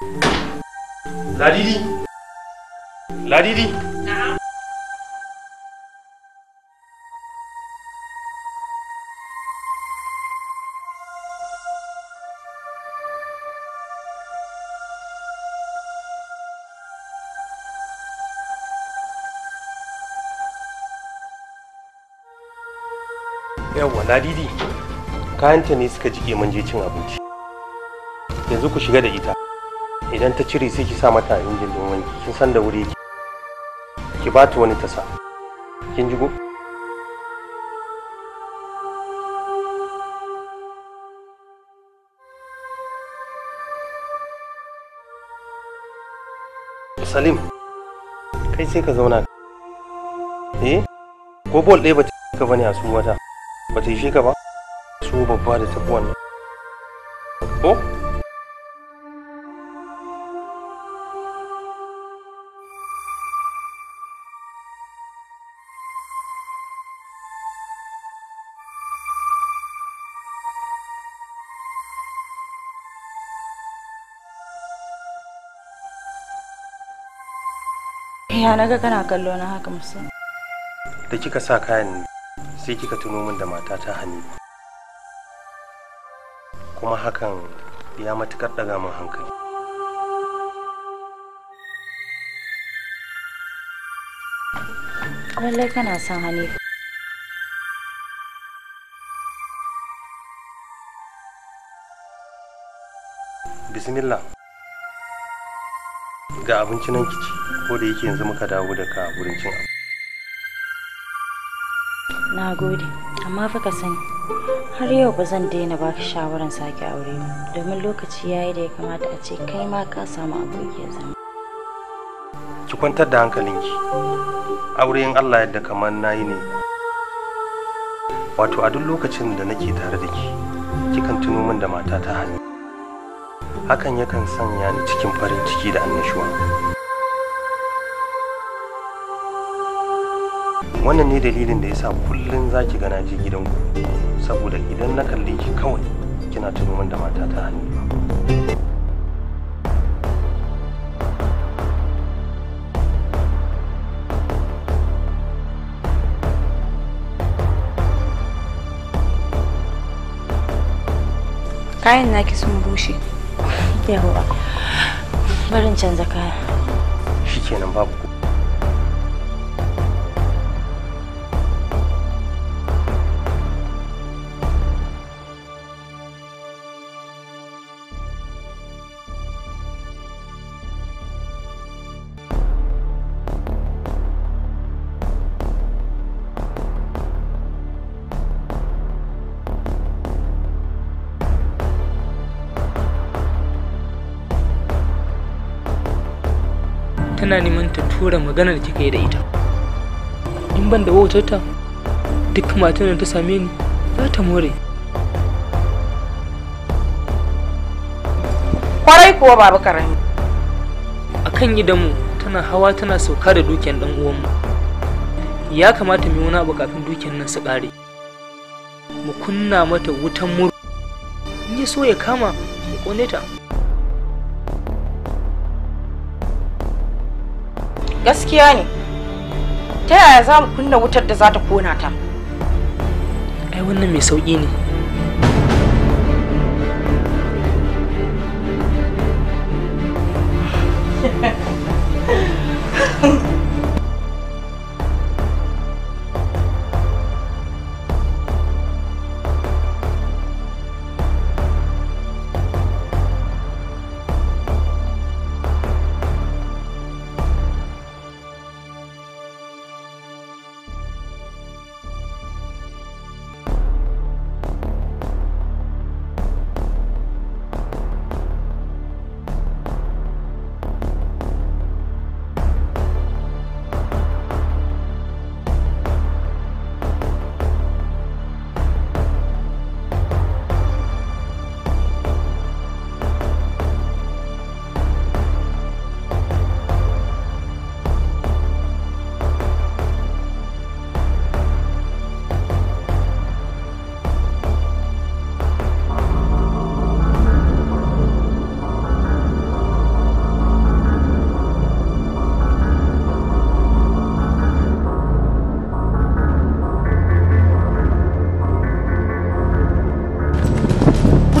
Didi La didi, Yawwa Ladidi. Kayanta ne suka jike manje cin abinci. Yanzu ku shiga da ita. idan ta cire sai ki sa mata injin don wanki kin san da wuri ki ba ta wani tasa kin jigo salim kai sai ka zauna eh ko bol ɗaya ba ta ka bane a su wata ba ta yi shi ka ba su babba da tabuwan wannan ko Ya naga kana kallo na haka musu. Da kika sa kayan sai kika tuno min da mata ta hannu. Kuma hakan ya matukar daga min hankali. Lallai kana son Hanifa. Bismillah. ga abinci nan kici ko da yake yanzu muka dawo daga wurin cin abu na gode amma fa ka sani har yau ba zan daina baka shawaran sake aure ba domin lokaci ya yi da ya kamata a ce kai ma ka samu abokiyar zama ki kwantar da hankalinki aure in Allah yadda kamar na yi ne wato a duk lokacin da nake tare da ki kikan tuno min da matata hannu hakan yakan sanya ni cikin farin ciki da annashuwa wannan ne dalilin da ya sa kullum za ki gana je gidanku saboda idan na kalle ki kawai kina tuno min da mata ta hannu kayan naki sun bushe Yawwa. Barin canza kaya. Shikenan babu magana da kika yi da ita in ban da wautarta duk matan ta same ni za ta more kwarai kuwa babu karami a kan gidanmu tana hawa tana sauka da dukiyan dan uwanmu ya kamata mu wani abu kafin dukiyan nan su kare. mu kunna mata wutan muru in ya so ya kama mu kone ta gaskiya ne ta yaya za mu kunna wutar da za ta kona ta ai wannan mai sauƙi ne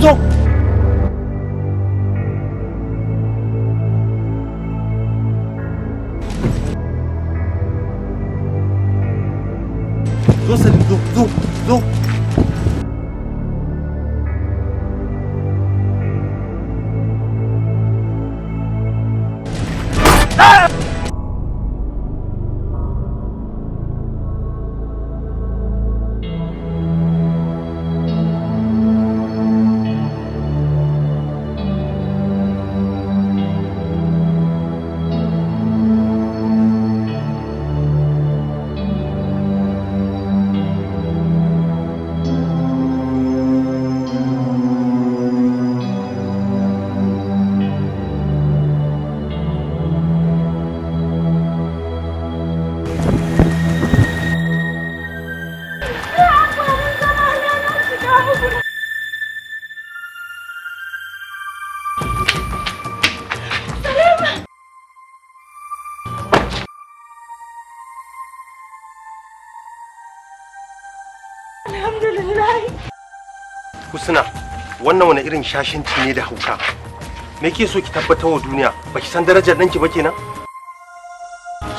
不中。wannan wani irin ki ne da hauka me ke so ki tabbatar wa duniya ba ki san darajar ki ba kenan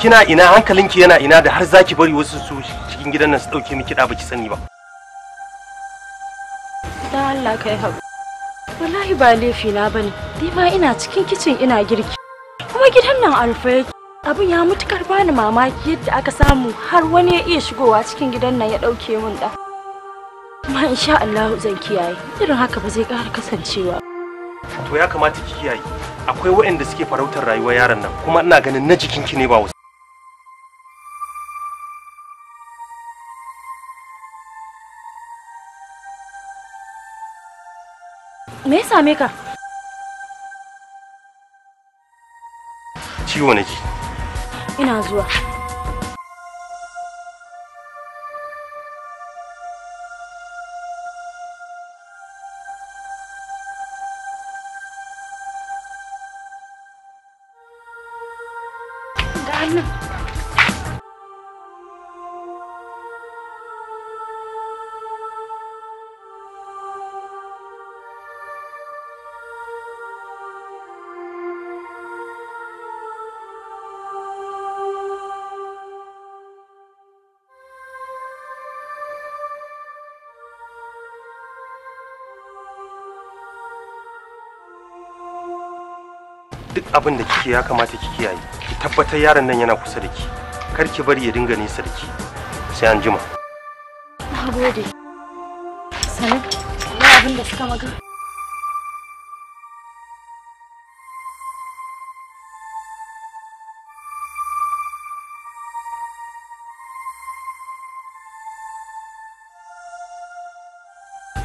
kina ina hankalinki yana ina da har zaki bari wasu su cikin gidan nan su dauke miki da baki sani ba da Allah kai ha wallahi ba laifi na bane dai ma ina cikin kicin ina girki kuma gidan nan alfa yake abin ya mutukar bani mamaki yadda aka samu har wani ya iya shigowa cikin gidan nan ya dauke min da Amma insha Allah zan kiyaye. Irin haka ba zai ƙara kasancewa. To ya kamata ki kiyaye. Akwai waɗanda suke farautar rayuwar yaron nan kuma ina ganin na jikinki ne ba wasu. Me ya same ka? Ciwo na ji. Ina zuwa. abin da kike ya kamata ki kiyaye ki tabbatar yaron nan yana kusa da ki kar ki bari ya dinga nesa da ki sai an jima nagode sanin abin da suka maka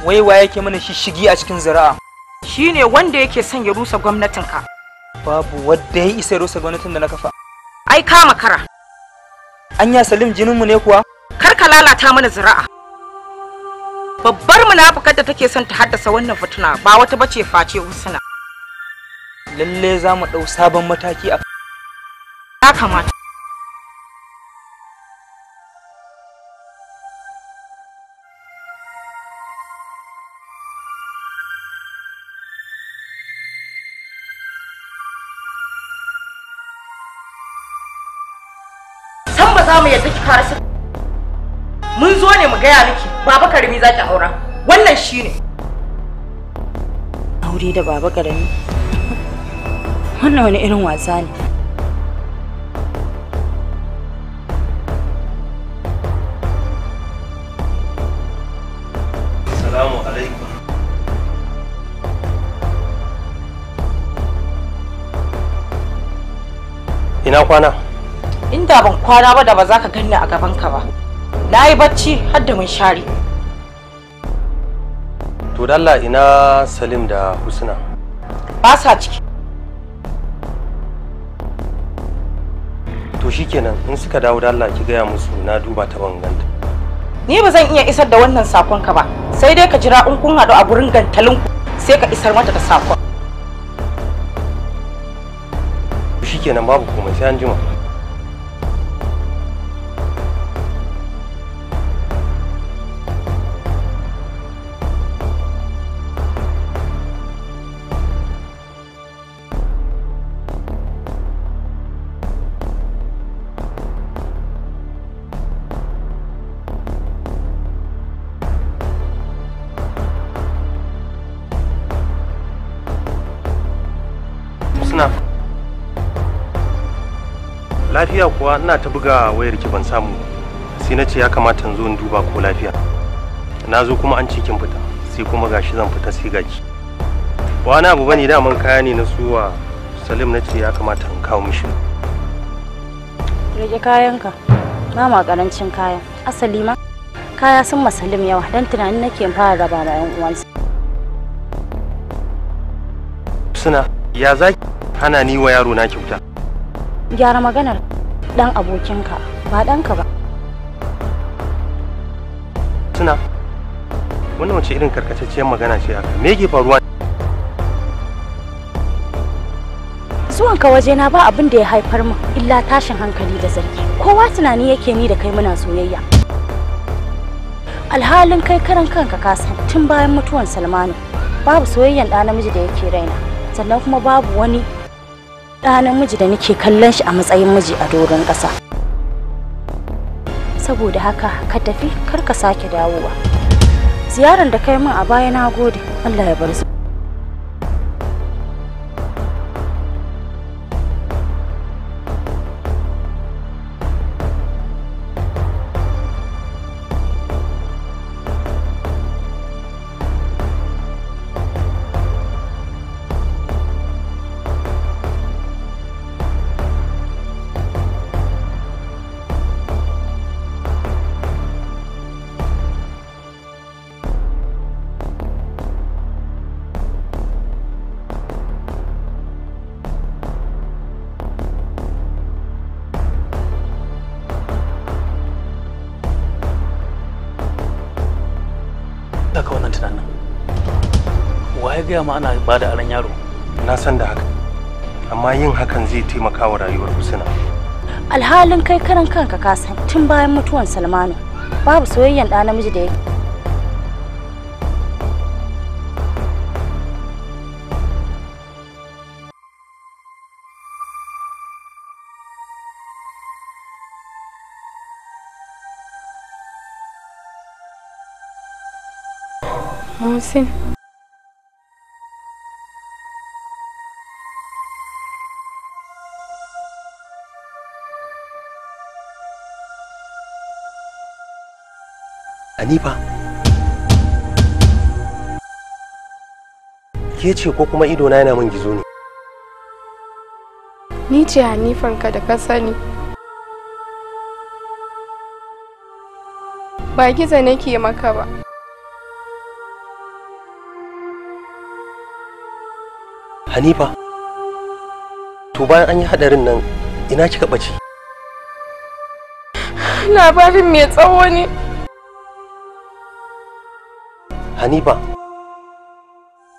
wai wa yake mana shishigi a cikin zira'a shine wanda yake son ya rusa gwamnatinka babu wadda ya isa rusa gwamnatin da na kafa ai kama kara anya salim jinin mu ne kuwa kar ka lalata mana zira'a babbar munafukar da take son ta haddasa wannan fituna ba wata bace face usuna. lalle za mu ɗau sabon mataki a ya kamata ne mu gaya miki baba karimi zaki aura wannan shine aure da baba karimi wannan wani irin wasa ne Assalamu alaikum Ina kwana? Inda ban kwana ba da ba za ka ganni a gabanka ba. na yi bacci har da mun share to dalla ina salim da husna ba sa ciki to shikenan in suka dawo dalla ki gaya musu na duba ta banganta ni ba zan iya isar da wannan sakon ka ba sai dai ka jira in kun haɗu a gurin gantalin ku sai ka isar mata da sakon shikenan babu komai sai an jima suna Lafiya kuwa ina ta buga wayar ki ban samu. Sai na ce ya kamata in zo in duba ko lafiya. Na zo kuma an ce kin fita. Sai kuma gashi zan fita sai gaki. Wani abu bane mun kaya ne na suwa Salim na ce ya kamata in kawo mishi. Rage kayanka. Ba ma karancin kaya. Asali ma kaya sun masalim yawa don tunanin nake fara raba ma 'yan uwansa. Suna ya za hana ni wa yaro na kyauta gyara maganar dan abokinka ba danka ba tuna wannan wace irin karkatacciyar magana ce aka me yake faruwa zuwanka wajena ba abin da ya haifar min illa tashin hankali da zargi kowa tunani yake ni da kai muna soyayya alhalin kai karan kanka ka san tun bayan mutuwan salmanu babu soyayyan ɗa namiji da yake raina sannan kuma babu wani ɗa miji da nake kallon shi a matsayin miji a doron ƙasa saboda haka ka tafi kar ka sake dawowa ziyarar da kai min a baya na gode allah ya bar su gaya ma ana ba da aran yaro na san da haka amma yin hakan zai taimaka wa rayuwar husna alhalin kai karan kanka ka san tun bayan mutuwan salmanu babu soyayyen ɗa namiji da ya ba ke ce ko kuma idona yana min gizo ne ni ce hanifanka da ka sani ba gizo nake maka ba hanifa to bayan an yi hadarin nan ina kika ɓace labarin mai tsawo ne Hanifa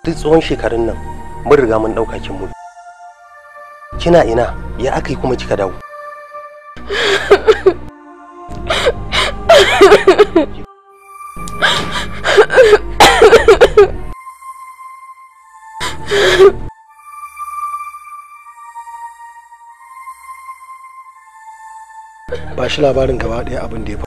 duk tsawon shekarun nan mun riga mun ɗauka kin mu. Kina ina ya aka kuma kika dawo. Ba shi labarin gaba ɗaya abin da ya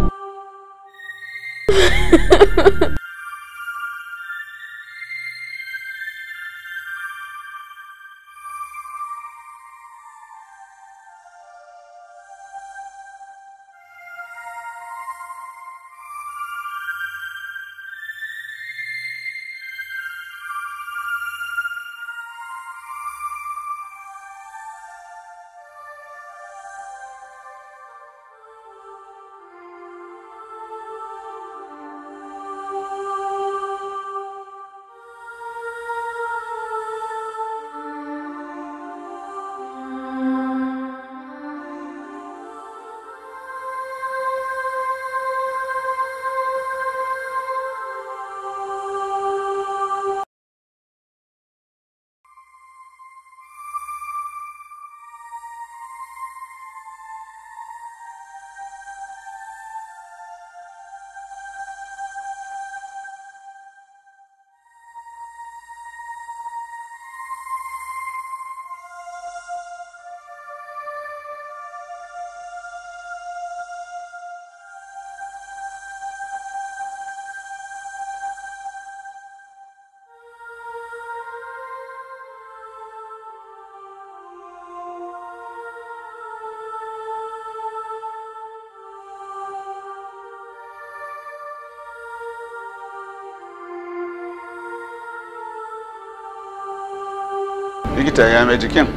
likita ya mai jikin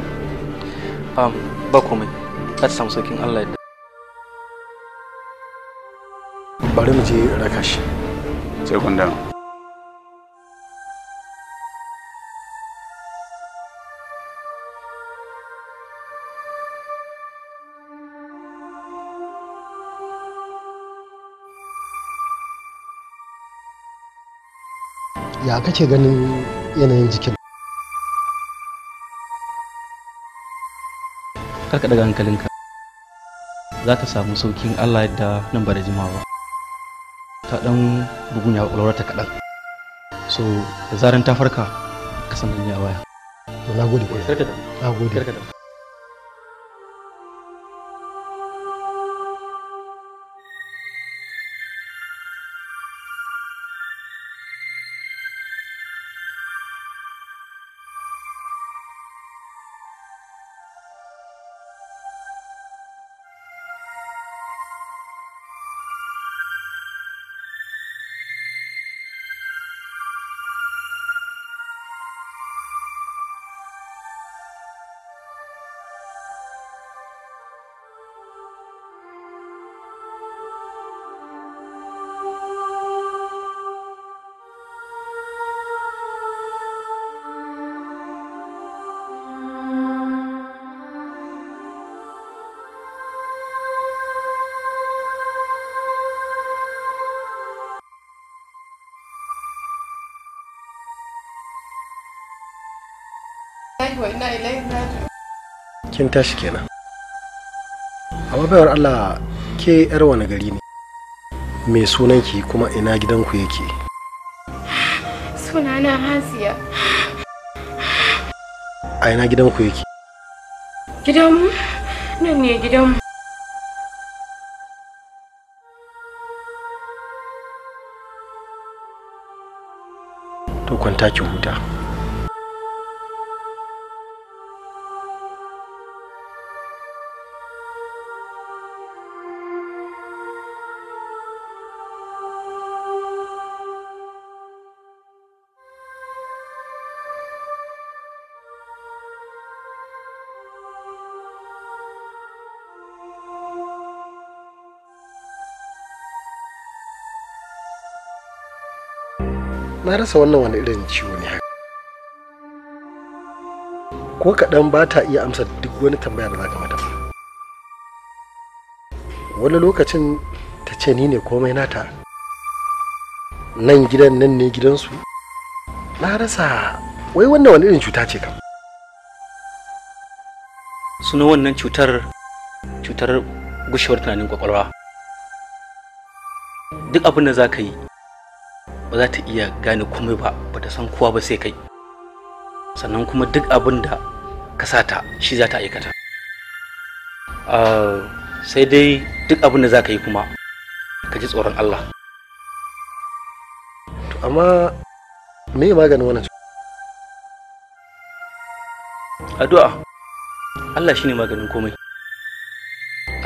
ba komai za ta samu allah ya bari mu je raka shi sai kun dawo ya kake ganin yanayin jikin karka daga hankalinka za ta samu saukin allah yadda nan ba da jimawa ta dan bugun ya ta kaɗan so da zaran ta farka ka sanar ni a waya to na gode kwarai na gode kin tashi kenan A baiwar Allah ke yar wani gari ne me sunanki kuma ina gidanku yake sunana Hasiya a ina gidanku yake gidanmu nan ne gidanmu to kwanta ki huta rasa wannan wani irin ciwo ne ko kaɗan ba ta iya amsa duk wani tambaya da za ka mata wani lokacin ta ce ni ne komai nata nan gidan nan ne gidansu na rasa wai wannan wani irin cuta ce kam suna wannan cutar cutar gushewar tunanin kwakwalwa duk abin da za ka yi ba za ta iya gane komai ba ba ta san kowa ba sai kai sannan kuma duk abin da ka sata shi za ta aikata ah, sai dai duk abin da za ka yi kuma ka ji tsoron Allah to amma me maganin wannan addu'a Allah shine maganin komai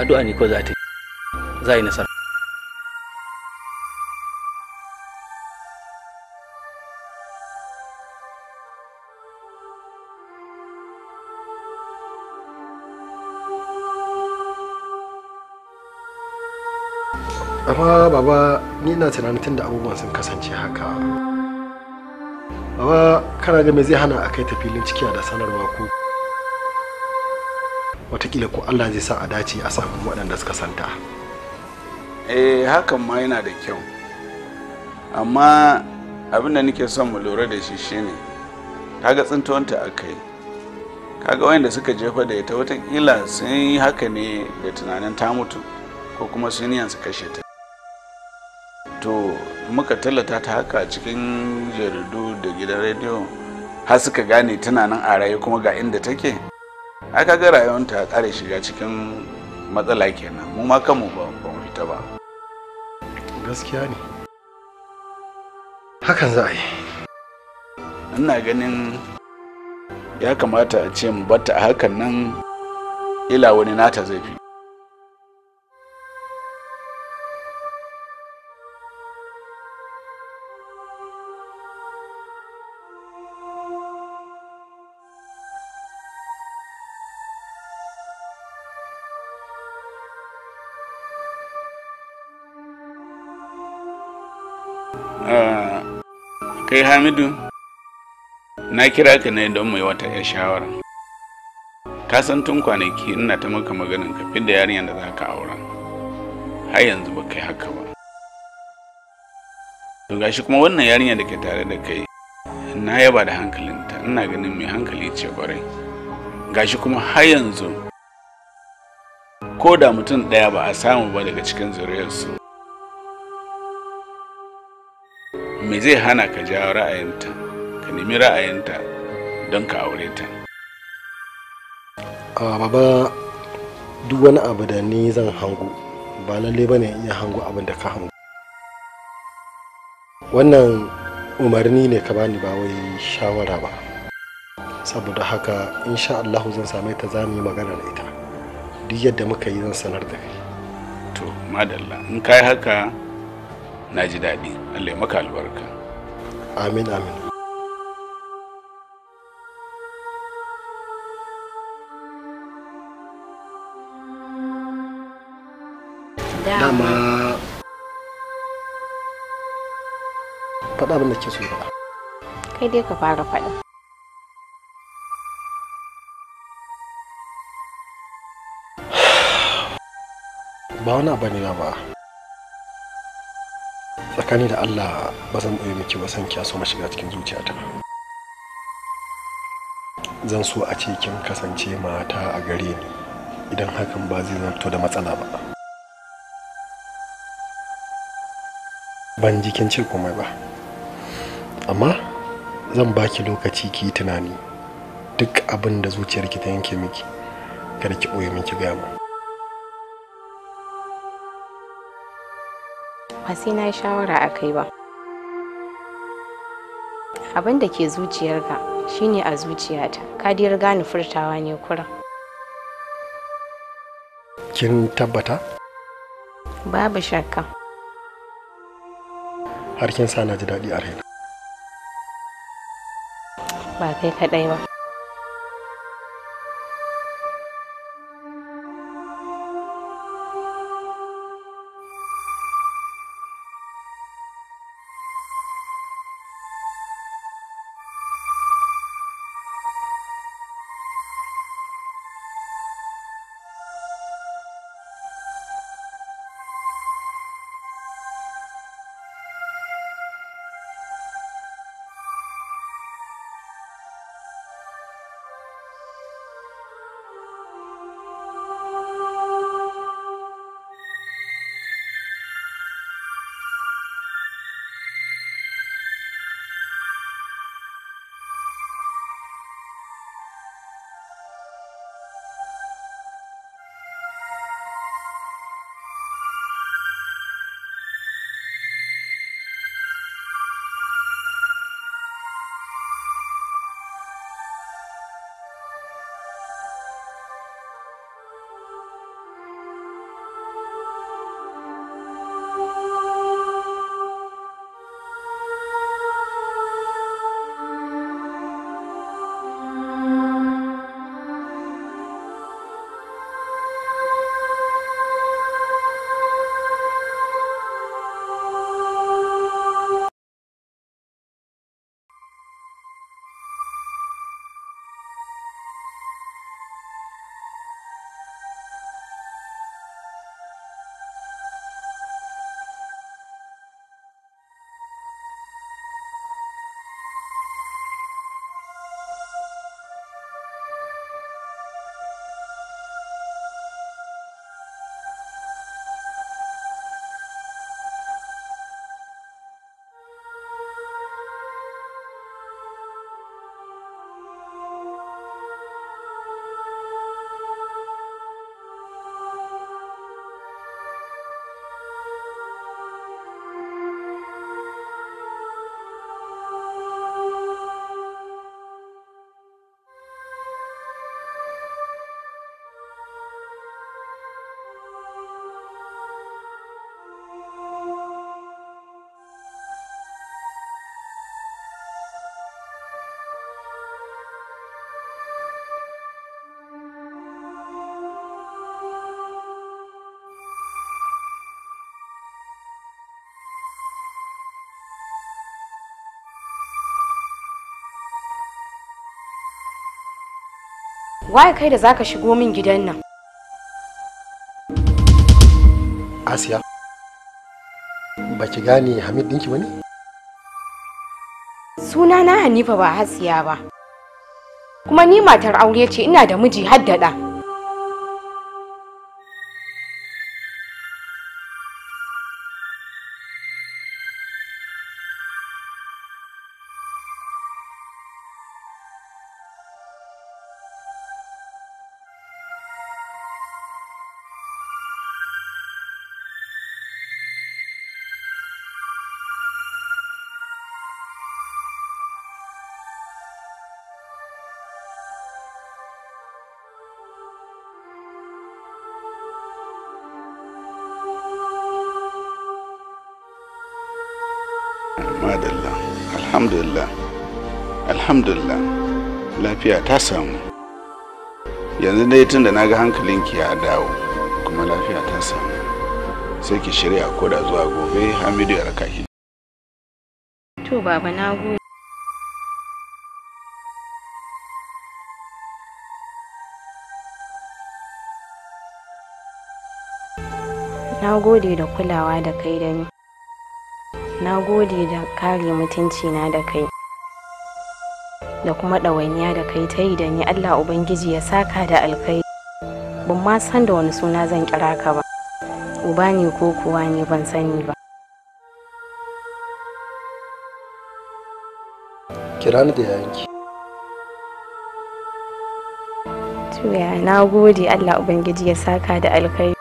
addu'a ne ko za ta yi za yi nasara ina tunanin tunda abubuwan sun kasance haka baba kana ga me zai hana a kai ta filin ciki da sanarwa ko watakila ko allah zai sa a dace a samu waɗanda suka santa eh hakan ma yana da kyau amma abin da nake son mu lura da shi shine kaga tsintuwanta a kai kaga wayanda suka jefa da ita watakila sun yi haka ne da tunanin ta mutu ko kuma sun su kashe ta to muka tallata ta haka cikin jaridu da gidan rediyo har suka gane tana nan a raye kuma ga inda take aka ga rayuwanta kare shiga cikin matsala kenan mu ma kanmu ba mu fita ba gaskiya ne hakan za a yi ina ganin ya kamata a ce mu bata a hakan nan ila wani nata zai fi Ah, kai hamidu na kira ka ne don mai wata 'yar shawara ka san tun kwanaki ina ta maka maganin ka fi da yarinyar da za ka aura har yanzu ba kai haka ba to gashi kuma wannan yarinya da ke tare da kai na yaba da hankalinta ina ganin mai hankali ce kwarai gashi kuma har yanzu ko da mutum ɗaya ba a samu ba daga cikin zuriyarsu me zai hana ka ja ra'ayinta ka nemi ra'ayinta don ka aure ta a baba duk wani abu da ni zan hango ba lalle ba ne iya hango abin da ka hango wannan umarni ne ka bani ba wai shawara ba saboda haka insha Allahu zan same ta za mu yi magana da ita duk yadda muka yi zan sanar da kai to madalla in kai haka na ji daɗi allah ya maka albarka amin amin dama faɗa abin da ke so ba. kai dai ka fara faɗa ba wani abu ne ba tsakani da Allah ba zan ɓoye miki ba san kya so shiga cikin zuciyata zan so a ce kin kasance mata a gare ni idan hakan ba zai zanto da matsala ba ban ji kin ce komai ba amma zan baki lokaci ki tunani duk abin da zuciyarki ta yanke miki kada ki ɓoye miki gaya mu ba sai na yi shawara a kai ba abin da ke zuciyarka shine a zuciyata ka dai riga ni furtawa ne kura kin tabbata babu shakka har kin sa na ji daɗi a raina ba kai kaɗai ba waye kai da zaka shigo min gidan nan asiya baki gane hamid dinki bane suna na hanifa ba hasiya ba kuma ni matar aure ce ina da miji haddada alhamdulillah lafiya ta samu yanzu dai tun da na ga hankalinki ya dawo kuma lafiya ta samu sai ki shirya ko da zuwa gobe hamidu ya raka ki to baba na gode na gode da kulawa da kai da ni na gode da kare mutunci na da kai da kuma ɗawainiya da kai ta yi da ni Allah Ubangiji ya saka da alkai ban ma san da wani suna zan kira ka ba uba ne ko kuwa ne ban sani ba kira ni da yanki. tuya na gode Allah Ubangiji ya saka da alkai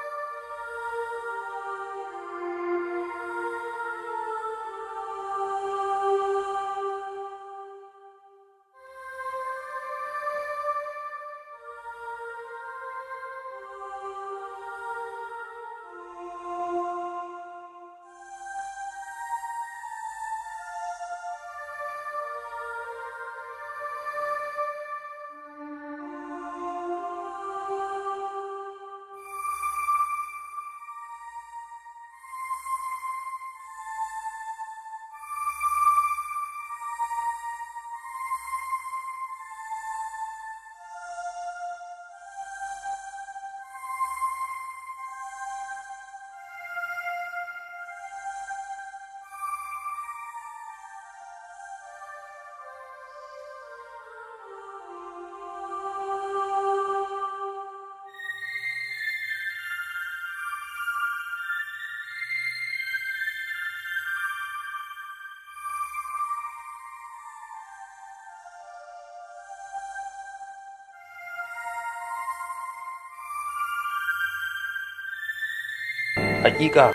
hakika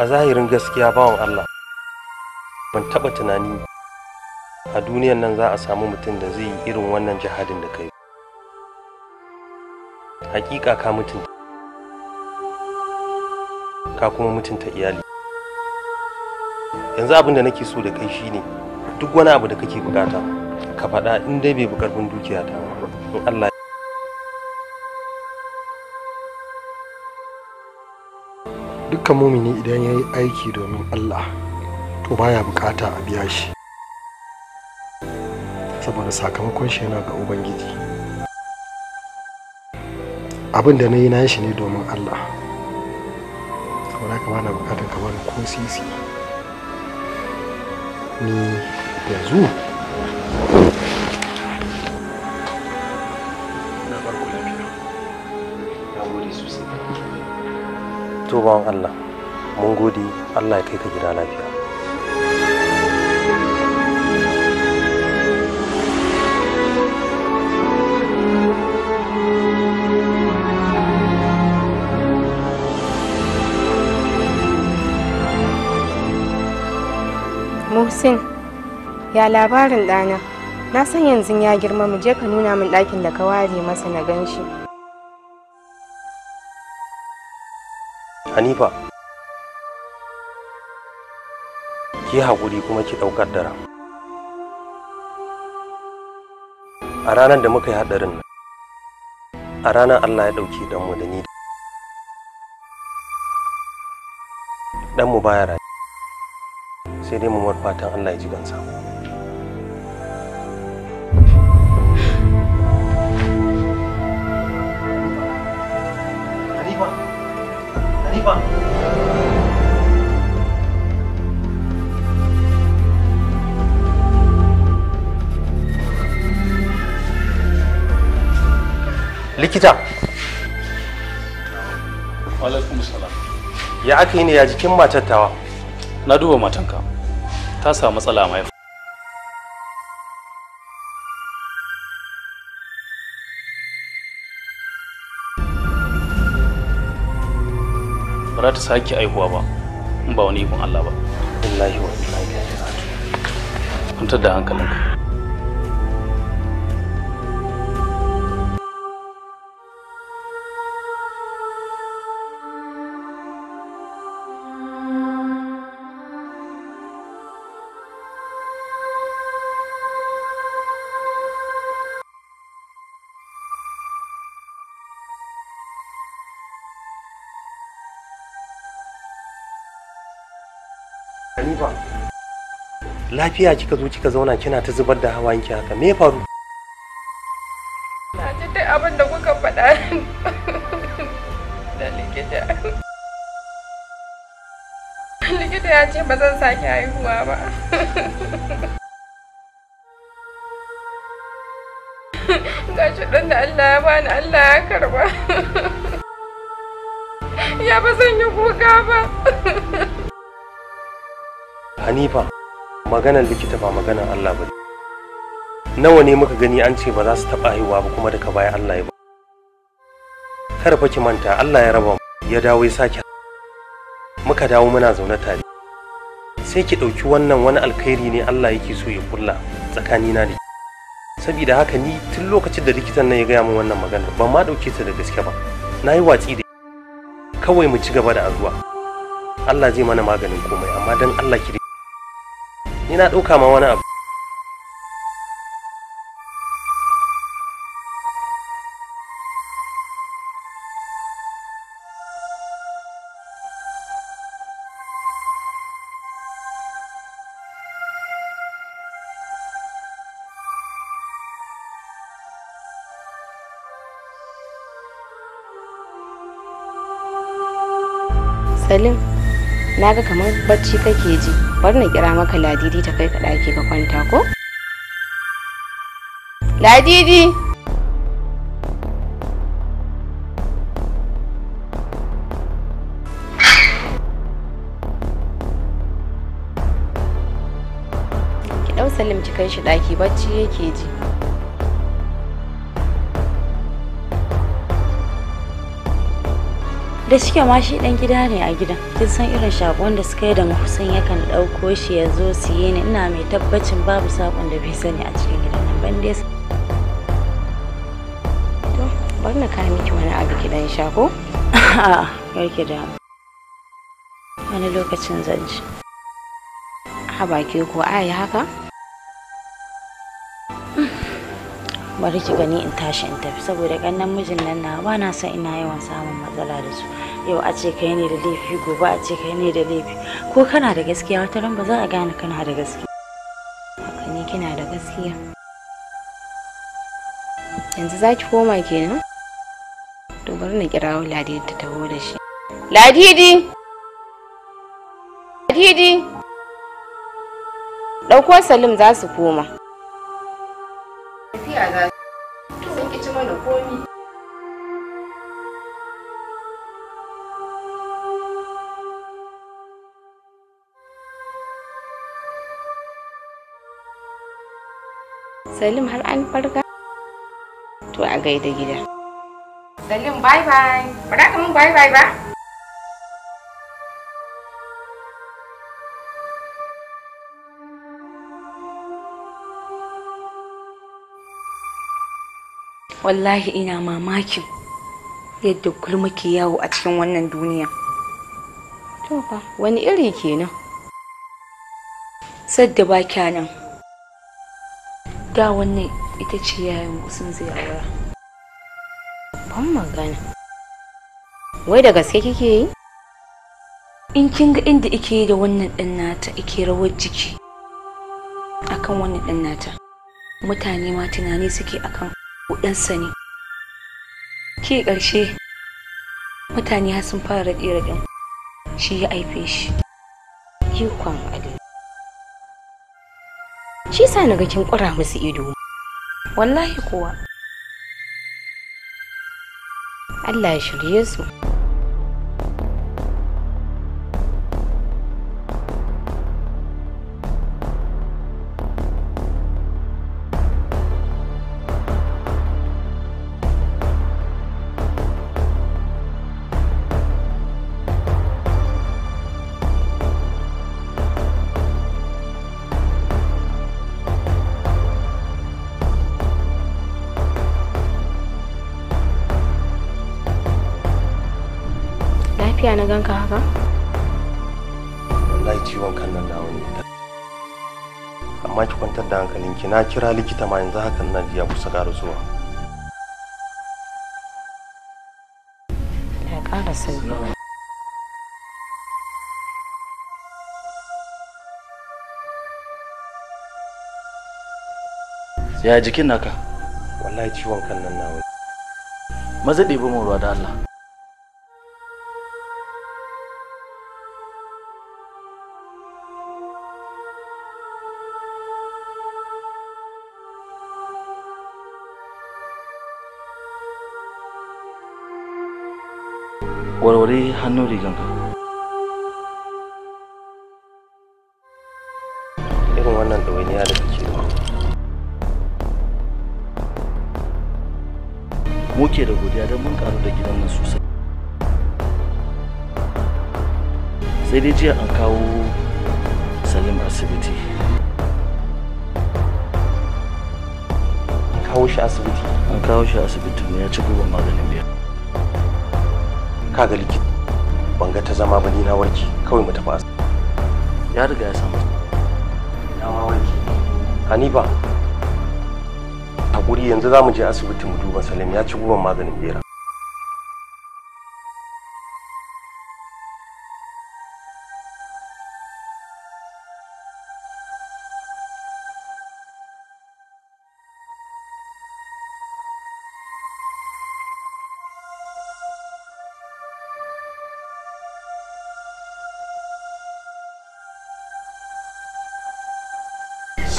a zahirin gaskiya bawan Allah ban taba tunani a duniyan nan za a samu mutum da zai yi irin wannan jihadin da kai hakika ka mutunta ka kuma mutunta iyali yanzu abin da nake so da kai shine duk wani abu da kake bukata ka faɗa in dai bai bi dukiya ta in Allah dukkan mumini idan ya yi aiki domin Allah to baya bukata a biya shi saboda sakamakon shi yana ga ubangiji abin da na yi na shi ne domin Allah saboda kama na bukatar ka ko sisi ni yanzu to bawan Allah mun gode Allah ya kai ka gida lafiya Muhsin, ya labarin ɗana, na san yanzu ya girma mu je ka nuna min ɗakin da ka ware masa na ganshi. shi. hanifa ki haƙuri kuma ki ɗaukar dara a ranar da muka yi haɗarin nan a ranar allah ya ɗauki ɗanmu da ni ɗanmu baya rayu sai dai mu fatan allah ya ji gansa. likita alaikum salam ya aka yi ne ya jikin matar tawa na duba matanka ta samu matsala mai za ta sake aihuwa ba in ba wani ikon Allah ba. Wallahi wa billahi ya ji da hankalinka lafiya kika zo kika zauna kina ta zubar da hawan ki haka me faru na ji dai abin da kuka faɗa da likita likita ya ce ba zan sake haihuwa ba gashi ɗin da Allah ya bani Allah ya karba ya ba zan yi kuka ba Hanifa maganar likita ba maganar Allah ba nawa ne muka gani an ce ba za su taɓa haihuwa ba kuma daga baya Allah ya ba kar fa ki manta Allah ya raba ya dawo ya sake muka dawo muna zaune tare sai ki ɗauki wannan wani alkhairi ne Allah yake so ya kulla tsakanina da saboda haka ni tun lokacin da likitan nan ya gaya min wannan magana ban ma ɗauke ta da gaske ba na yi watsi da kawai mu ci gaba da azuwa. Allah zai mana maganin komai amma dan Allah ki ni na ɗauka ma wani abu na ga kamar bacci kake ji bar na kira maka ladidi ta kai ka ɗaki ka kwanta ko ladidi ki ɗau salim ki kai shi ɗaki bacci yake ji da suke ma shi dan gida ne a gidan kin san irin shakon da suka yi da mahusan yakan dauko shi ya zo siye ni ina mai tabbacin babu sakon da bai sani a cikin gidan nan ban dai to bari na kai miki wani abu ki dan sha ko a'a da wani lokacin zan ci ha baki ko ai haka bari ki gani in tashi in tafi saboda kannan mijin nan na ba na san ina yawan samun matsala da su yau a ce kai ne da laifi gobe a ce kai ne da laifi ko kana da gaskiya wata ran ba za a gane kana da gaskiya haka ne kina da gaskiya yanzu za ki koma kenan to bari na kirawo ladidi ta taho da shi ladidi ladidi ɗauko salim za su koma tafiya za su sun ki ci mana komi Salim har an farka? To a gaida gida. Salim bye bye. Ba da ka mun bye bye ba? wallahi ina mamakin yadda kulma ke yawo a cikin wannan duniya to fa wani iri kenan sadda ba nan da wannan ita ce yayin sun zai aura ban magana wai da gaske kike yi in kin ga inda ike da wannan ɗan nata ike rawar jiki akan wannan ɗan nata mutane ma tunani suke akan ɗansa ne ke ƙarshe mutane sun fara raɗe raɗin shi ya aife shi ikon ali shi sa na ga kin ƙura musu ido wallahi kuwa Allah ya shirye su lafiya na ganka haka? Wallahi ciwon kan nan na wani Amma ki kwantar da ki na kira likita ma yanzu haka na jiya kusa ƙara zuwa. Ya ƙara sauki. Ya jikin naka? Wallahi ciwon kan nan na wani. Maza ɗebi mu ruwa da Allah. hannun riganka irin wannan ɗawainiya da kake muke da godiya don mun karu da gidan nan sosai sai dai jiya an kawo salim asibiti kawo shi asibiti an kawo asibiti ya ci guba maganin biya kaga likita ban ga ta zama ba ni na warke kawai mu tafi asibiti ya riga ya samu na ma warke hanifa hakuri yanzu za mu je asibiti mu duba salim ya ci guban maganin bera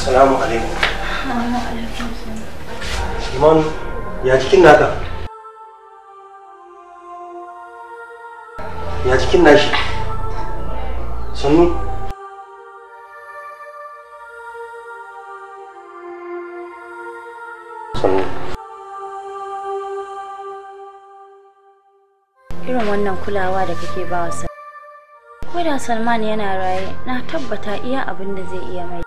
Assalamu alaikum. Iman ya jikin naka? Ya jikin nashi? Sannu? Sannu. Irin wannan kulawa da kake ba wa Ko Salman yana raye, na tabbata iya abin da zai iya mai.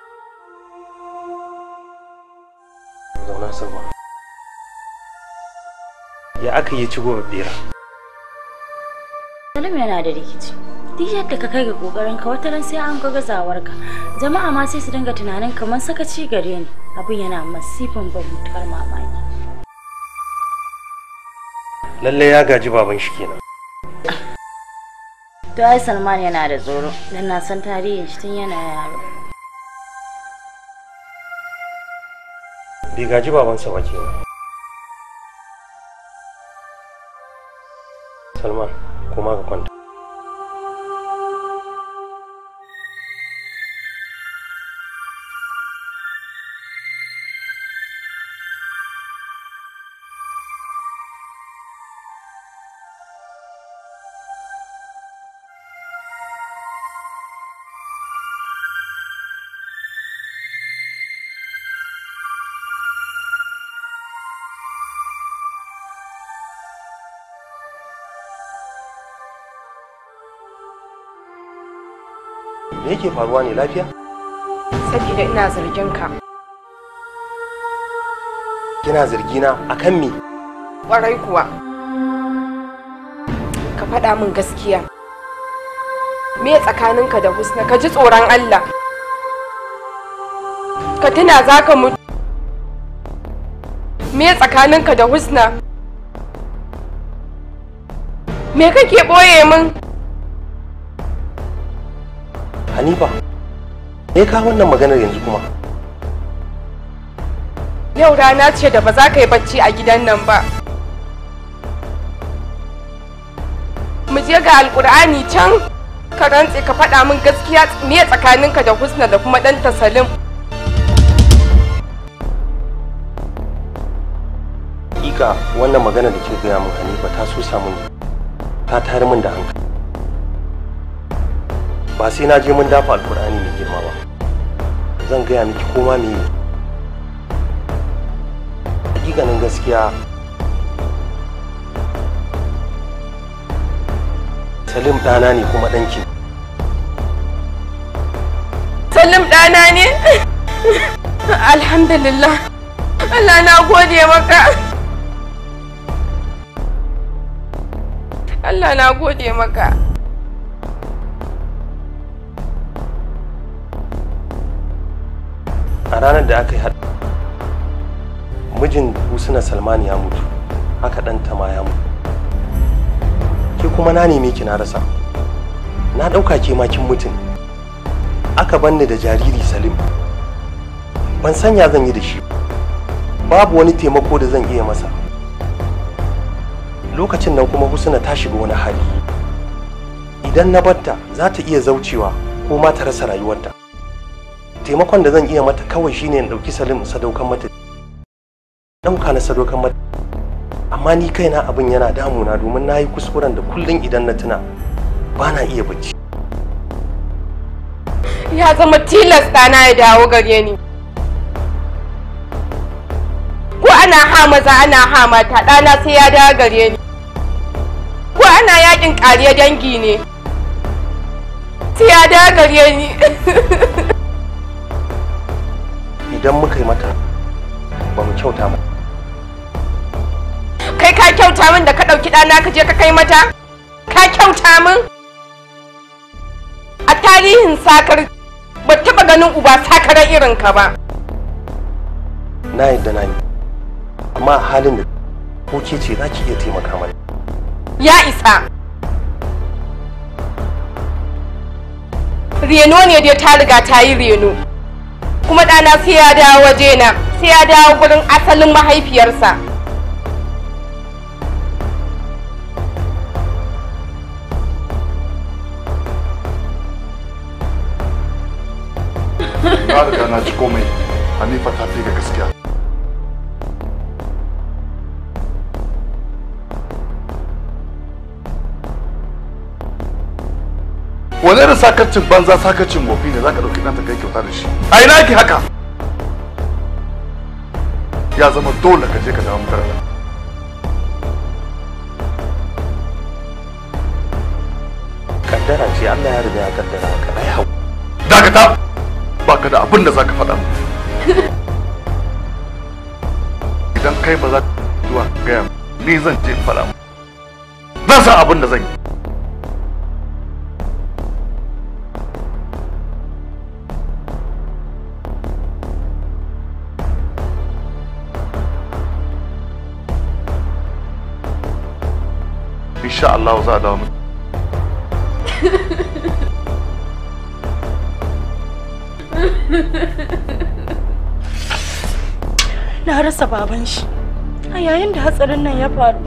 ya aka yi ci goma bera Salim yana da rikici duk yadda ka kai ga kokarin ka wata ran sai an ga gazawar ka jama'a ma sai su dinga tunanin kamar sakaci gare ni abin yana masifin ban mutukar mamaki lalle ya gaji baban shi kenan to ai Salman yana da tsoro dan na san tarihin shi tun yana yaro bai gaji babansa ba kenan me yake faruwa ne lafiya saboda ina zargin ka kina zargina akan me kwarai kuwa ka faɗa min gaskiya me tsakaninka da husna ka ji tsoron allah ka tuna za ka mutu me tsakaninka da husna me kake ɓoye min Hanifa, me ka wannan maganar yanzu kuma? Yau rana ce da ba za ka yi bacci a gidan nan ba. Mu je ga Alƙur'ani can ka rantse ka faɗa min gaskiya me tsakaninka da Husna da kuma ɗanta Salim. Hakika wannan magana da ke gaya min Hanifa ta so samun ta tare min da hankali. ba sai na je mun dafa alkur'ani mai girma ba zan gaya miki koma me hakikanin gaskiya salim ɗana ne kuma ɗanki salim ɗana ne alhamdulillah allah na gode maka allah na gode maka ranar da aka yi haɗu mijin husna salman ya mutu haka ɗanta ma ya mutu ke kuma na neme ki na rasa na ɗauka ke makin mutum aka banni da jariri salim ban sanya zan yi da shi babu wani taimako da zan iya masa lokacin nan kuma husna ta shiga wani hali idan na batta za ta iya zaucewa ko ma ta rasa rayuwarta taimakon da zan iya mata kawai shine na ɗauki salim sadaukan mata ɗauka na sadaukan mata amma ni kaina abin yana damuna domin na yi kuskuren da kullum idan na tuna ba na iya bacci ya zama tilas ɗana ya dawo gare ni ko ana ha maza ana ha mata ɗana sai ya dawo gare ni ko ana yakin ƙariya dangi ne sai ya dawo gare ni idan muka yi mata ba mu kyauta ba kai ka kyauta min da ka ɗauki ɗana ka je ka kai mata ka kyauta min a tarihin sakar ba taɓa ganin uba sakarar irin ka ba na yadda na yi amma a halin da ko ce za ki iya taimaka mana ya isa reno ne dai ta riga ta yi reno kuma ɗana sai ya dawo wajena sai ya dawo gurin asalin mahaifiyarsa na riga ji komai hanifa ta fi ga gaskiya sakacin banza sakacin gofi ne zaka dauki ɗanta kai kyauta da shi a ina ki haka ya zama dole ka je ka dawo makaranta kaddara ce Allah ya riga ya kaddara haka ai hau dakata baka da abin da zaka faɗa idan kai ba za ka zuwa gaya ni zan je faɗa zan san abin da zan yi Allah za a rasa baban shi a yayin da hatsarin nan ya faru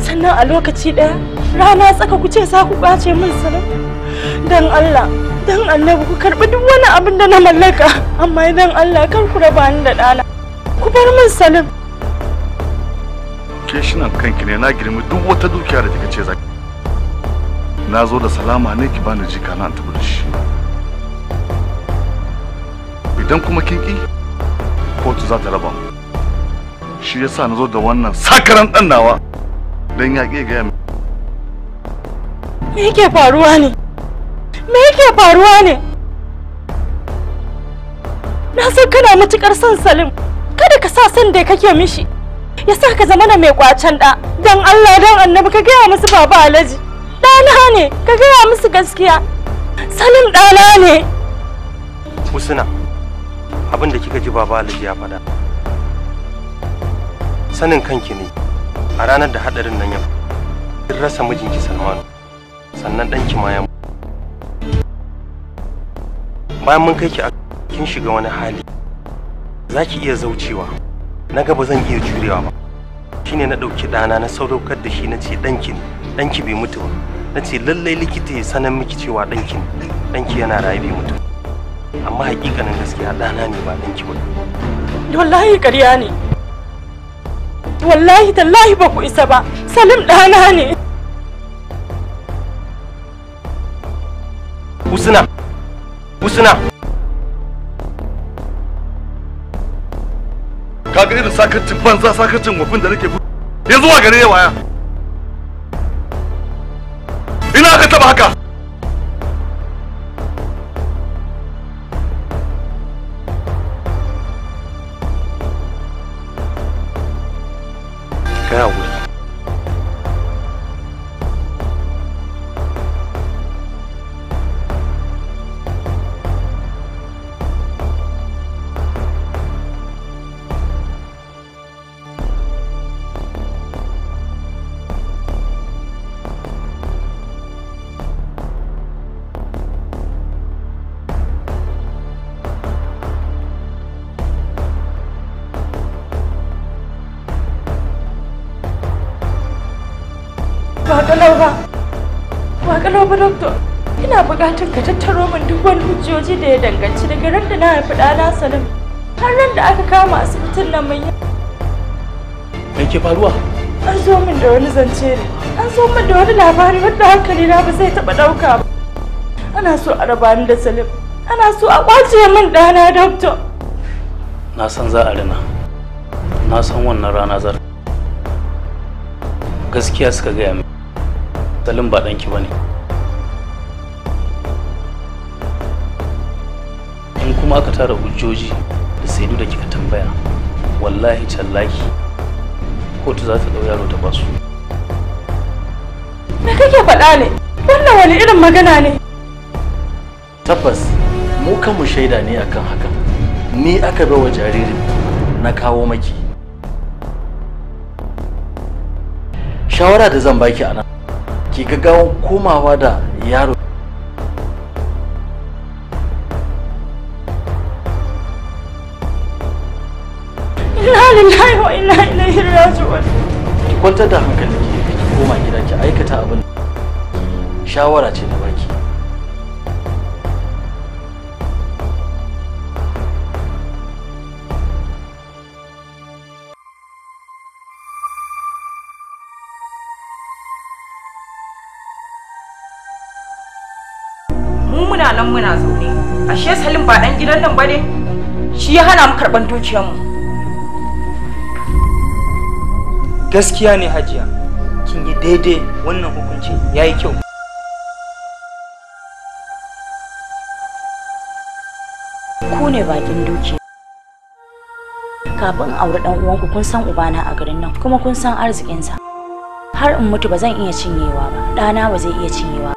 sannan a lokaci ɗaya rana tsaka ku ce za ku ɓace min salam don Allah don annabi ku karɓi duk wani abin da na mallaka amma don Allah kar ku raba ni da ɗana ku bar min salim kwamishinan kanki ne na girmi duk wata dukiya da kika ce za na zo da salama ne ki bani jika na tabu da shi idan kuma kin ki kotu za ta raba mu shi yasa na zo da wannan sakaran dan nawa don ya ƙi gaya me yake faruwa ne me yake faruwa ne na san kana matukar son salim kada ka sa san da kake mishi ya sa ka zama da mai kwacen da dan Allah dan annabi ka gaya musu baba alaji ɗana ne ka gaya musu gaskiya salim ɗana ne husna abin da kika ji baba alaji ya faɗa sanin kanki ne a ranar da hadarin nan ya kin rasa mijinki salmanu sannan ɗanki ma ya bayan mun kai ki a kin shiga wani hali za ki iya zaucewa na gaba zan iya jurewa ba shine na ɗauki ɗana na sadaukar da shi na danki ne ɗanki bai mutu ba na lalle lallai likita ya sanar miki cewa ɗanki ne danki yana raye bai mutu amma hakikanin gaskiya ɗana ne ba ɗanki ba wallahi ƙarya ne wallahi tallahi ba ku isa ba salim ɗana ne Usna! Usna! ga irin sakacin banza sakacin wafin da nake yanzu wa gare ya waya ina ka taba haka ba kalau ba ba kalau ba doctor ina buƙatar ka tattaro min duk wani hujjoji da ya danganci daga ran da na haifi ɗana salim har ran da aka kama asibitin nan mai me ke faruwa an zo min da wani zance ne an zo min da wani labari wanda hankali na ba zai taɓa ɗauka ba ana so a raba ni da salim ana so a ƙwace min ɗana doctor na san za a rina na san wannan rana zar gaskiya suka gaya min Salim ba ɗanki ba ne. In kuma aka tara hujjoji da saidu da kika tambaya, wallahi tallahi kotu za ta ɗau yaro ta basu. Me kake faɗa ne? Wannan wani irin magana ne? Tabbas, mu kanmu shaida ne akan hakan. Ni aka bawa wa jaririn na kawo maki. Shawara da zan baki a nan. ki ga gaggawan komawa da yaro ki kwantar da hankali ki koma gida ki aikata abin shawara ce na baki ashe salim ba dan gidan nan bane shi ya hana mu karban dukiyar mu gaskiya ne hajiya kin yi daidai wannan hukunci yayi kyau ku ne bakin dukiya kafin aure dan uwanku kun san ubana a garin nan kuma kun san arzikinsa har in mutu ba zan iya cinyewa ba ɗana ba zai iya cinyewa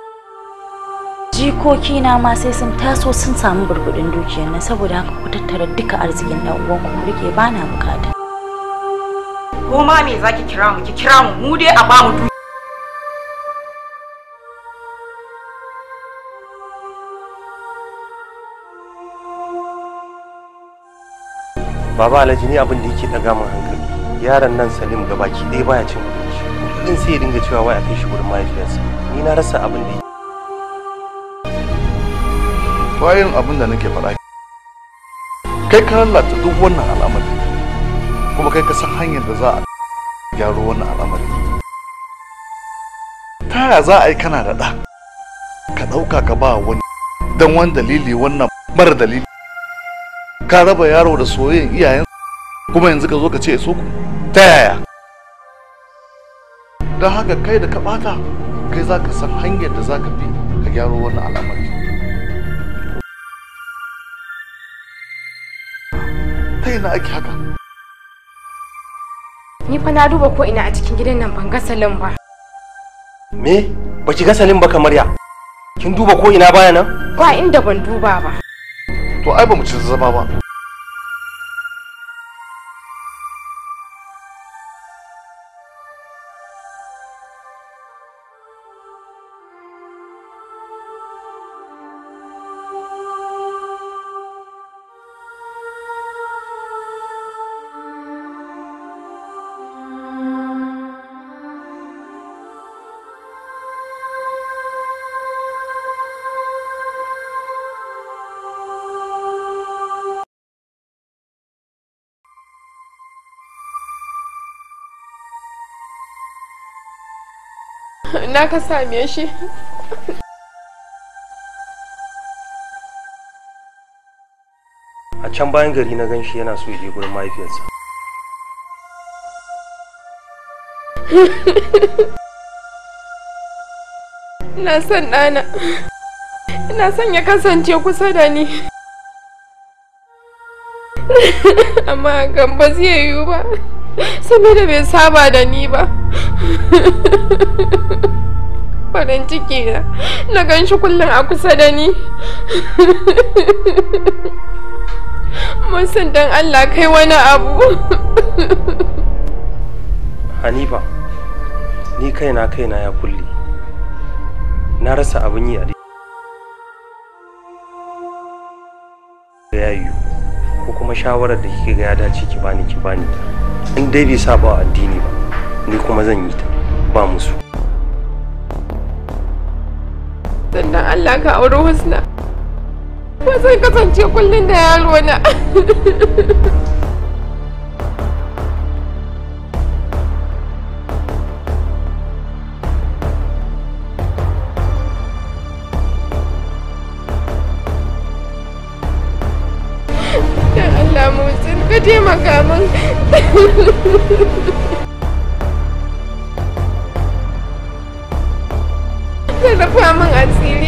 jikokina ma sai sun taso sun samu burbuɗin dukiyar nan saboda haka ku tattara duka arzikin ɗan uwan ku rike ba na bukata. Ko ma me zaki kira mu ki kira mu mu dai a ba mu Baba Alhaji ni abin da yake ɗaga min hankali yaron nan Salim gabaki ɗaya baya cin abinci. Kullum sai ya dinga cewa wai a kai shi gurin mahaifiyarsa. Ni na rasa abin da yake. bayan abin da nake fara kai ka lalata duk wannan al'amari kuma kai ka san hanyar da za a gyaro wannan al'amari ta yaya za a yi kana da ɗa ka ɗauka ka ba wani don wani dalili wannan mara dalili ka raba yaro da soyayyen iyayen kuma yanzu ka zo ka ce su ku ta yaya don haka kai da ka bata, kai za ka san hanyar da za ka bi ka gyaro wannan al'amari ta yana ake haka ni fa na duba ko ina a cikin gidan nan ban ga salon ba me ba ki gasalin ba kamar ya kin duba ko ina baya nan ba inda ban duba ba to ai ba mu ci zama ba ina ka same shi a can bayan gari na gan shi yana so je gurin mahaifiyarsa ina son ɗana ina son ya kasance kusa da ni amma hakan ba zai yiwu ba saboda bai saba da ni ba farin ciki na na gan shi kullum a kusa da ni musan dan allah kai wani abu hanifa ni kaina kaina ya kulle na rasa abin yi a ya yi ko kuma shawarar da kike ga ya dace ki bani ki bani in dai bai sabawa ba addini ba ni kuma zan yi ta ba musu Allah ka auri husna ba zai kasance kullum da yaro na ka taimaka min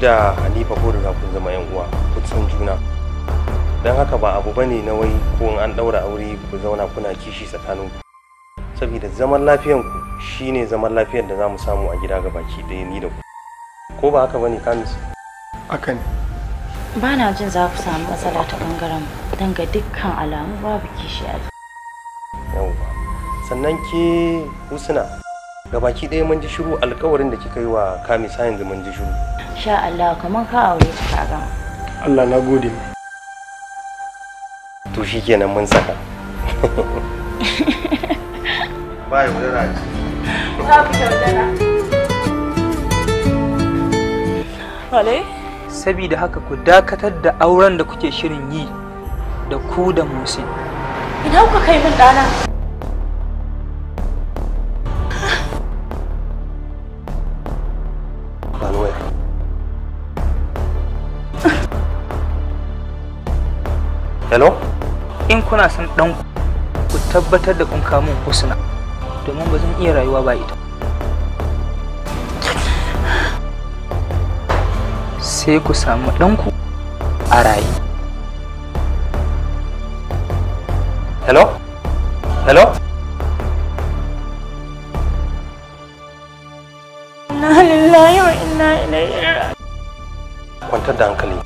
da halifa ko da kun zama yan uwa ku san juna don haka ba abu bane na wai ko an daura aure ku zauna kuna kishi tsakanin ku saboda zaman lafiyan ku shine zaman lafiyar da za mu samu a gida ga baki ɗaya ni da ku ko ba haka bane kamis haka ne ba na jin za ku samu matsala ta bangaren dan ga dukkan alamu babu kishi a yauwa sannan ke husna Gabaki ɗaya mun ji shiru alkawarin da kika yi wa kamis yanzu mun ji shiru sha Allah kamar ka aure ta ka gama Allah na gode to kenan mun saka ba yaudara ce babu yaudara Wale? Sabida haka ku dakatar da auren da kuke shirin yi da ku da Musin. Ina kuka kai min ɗana? kuna son ɗan ku tabbatar da kun kamo husna domin ba zan iya rayuwa ba ita sai ku samu ɗanku a raye hello hello kwantar da hankali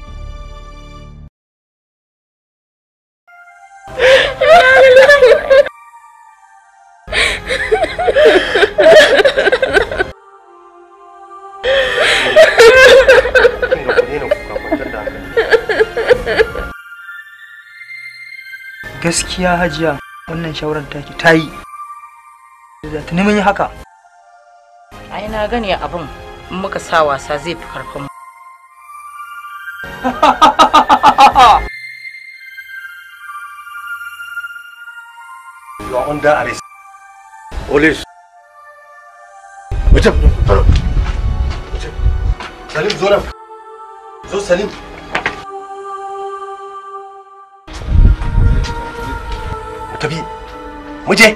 gaskiya hajiya wannan shawarar take ta yi da ta mun yi haka ai na gani abin in muka sa wasa zai fi karfin You Wajen, Salim, zo nan. Zo Salim. mu je